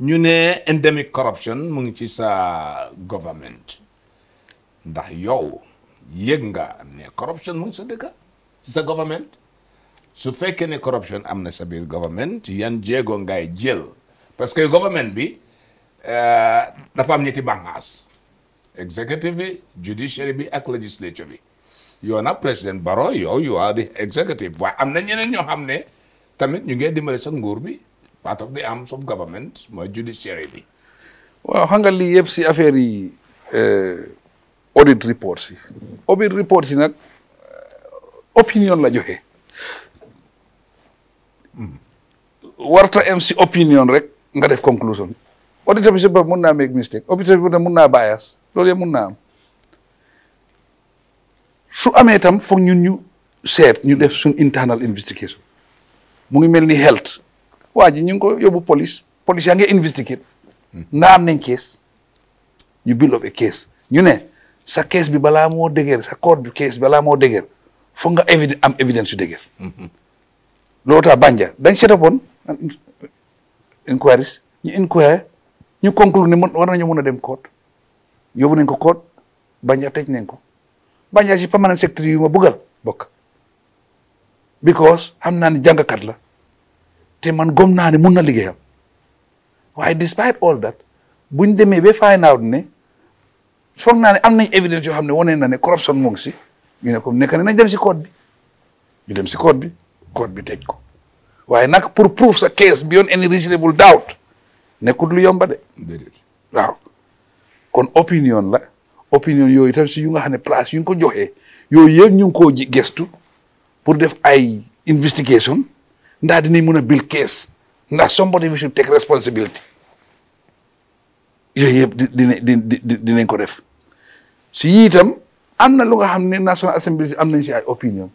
ñu ne endemic corruption mu ngi ci sa government ndax yow yëg nga am ne corruption mu sa dëkka ci sa government su fekkee ne corruption am na sa biir government yan jéego ngay jël parce que government bi euh, dafa am ñetti bànqaas executive bi judiciary bi ak legislature bi yow nag président Barrow yow you are the executive waaye am na ñeneen ñoo am ne tamit ñu ngi dimbale sa nguur bi part of the arms of government mooy judiciary bi. waaw xam nga lii yëpp si affaire yi eh, audit reports yi. audit reports si nag eh, opinion la joxe. Hmm. warta em si opinion rek nga def conclusion. auditeur bi si bopp mun naa make mistake auditeur bi mun naa bias lool yëpp mun naa am su amee tam foog ñun ñu seet ñu def suñ internal investigation mu ngi mel ni health. waa ji ñu ngi ko yóbbu police police yaa ngi investigate nda am nañ case ñu build up a case ñu ne sa case bi balaa moo dëgër sa court bi case balaa moo dëgër foog nga évi am évidence yu dëgër loolu tax banja dañ set upon inquiries ñu inquire ñu conclure ne war nañu mën a dem court yóbbu nañ ko court banja tëj nañ ko banja si permanent secretary yu ma bëggal bokk because xam naa ne jàngkat la te man gom naa ne mun na liggéeyam waaye despite all that buñ demee ba find out ne foog naa ne am nañ évidence yoo xam ne wane na ne corruption mu si ñu ne comme nekk ne nañ dem si code bi ñu dem si code bi code bi tëj ko waaye nag pour proof sa case beyond any reasonable doubt nekkul lu yomba de waaw kon opinion la opinion yooyu tam si yu nga xam ne place yu ñu ko joxee yooyu yëpp ñu ngi koo gestu pour def ay investigation ndax dinañ mën a build case ndax somebody we should take responsibility yooyu yëpp di di dinañ ko def si yii am na lu nga xam ne National Assembly am nañ si ay opinion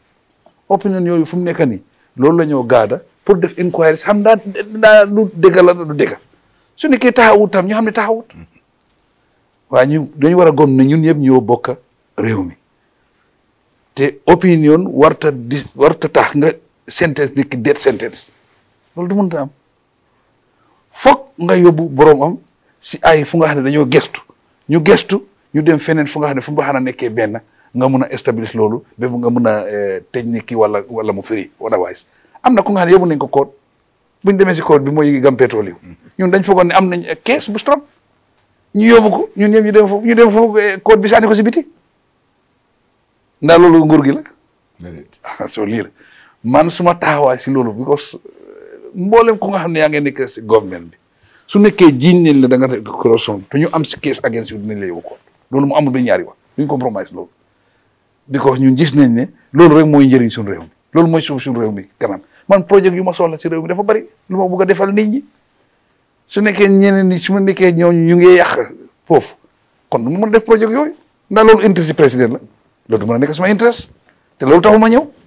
opinion yooyu fu mu nekk nii loolu la ñoo gaada pour def inquiry xam daa daa du dëgg la du dëgg su nekkee taxawut tam ñu xam ne taxawut waa ñu dañu war a gom ne ñun yëpp ñoo bokk réew mi te opinion warta dis warta tax nga sentence nit ki death sentence loolu du mun am foog nga yóbbu borom am si ay fu nga xam ne dañoo gestu ñu gestu ñu dem feneen fu nga xam ne fu mu xanaa nekkee benn nga mun a stabiliser loolu ba nga mun a eh, technique wala wala mu firi otherwise am na ku nga xam ne yóbbu nañ ko code bu ñu demee si code bi mooy Gambia Petroleum mm-hmm. ñun dañ foogoon ne am nañ kees eh, bu strop ñu yóbbu ko ñun ñëpp ñu dem foofu ñu dem foofu eh, code bi sànni ko si biti ndax loolu nguur gi la. soo lii la man suma taxawaay si loolu because eh, mboolem ku nga xam ne yaa ngi nekk si government bi su nekkee jiiñ nañ danga da nga corruption te ñu am si case against you ne la ko loolu mu amul ba ñaari wax duñ compromise loolu because ñun gis nañ ne loolu rek mooy njëriñ suñu réew mi loolu mooy suuf suñu réew mi kanam man projet yu ma soxla si réew mi dafa bari lu ma bugg defal nit ñi su nekkee ñeneen ñi su ma nekkee ñooñu ñu ngi yàq foofu kon du ma mën def projet yooyu ndax loolu interest si président la loolu du mën a nekk sama interest te loolu taxuma ñëw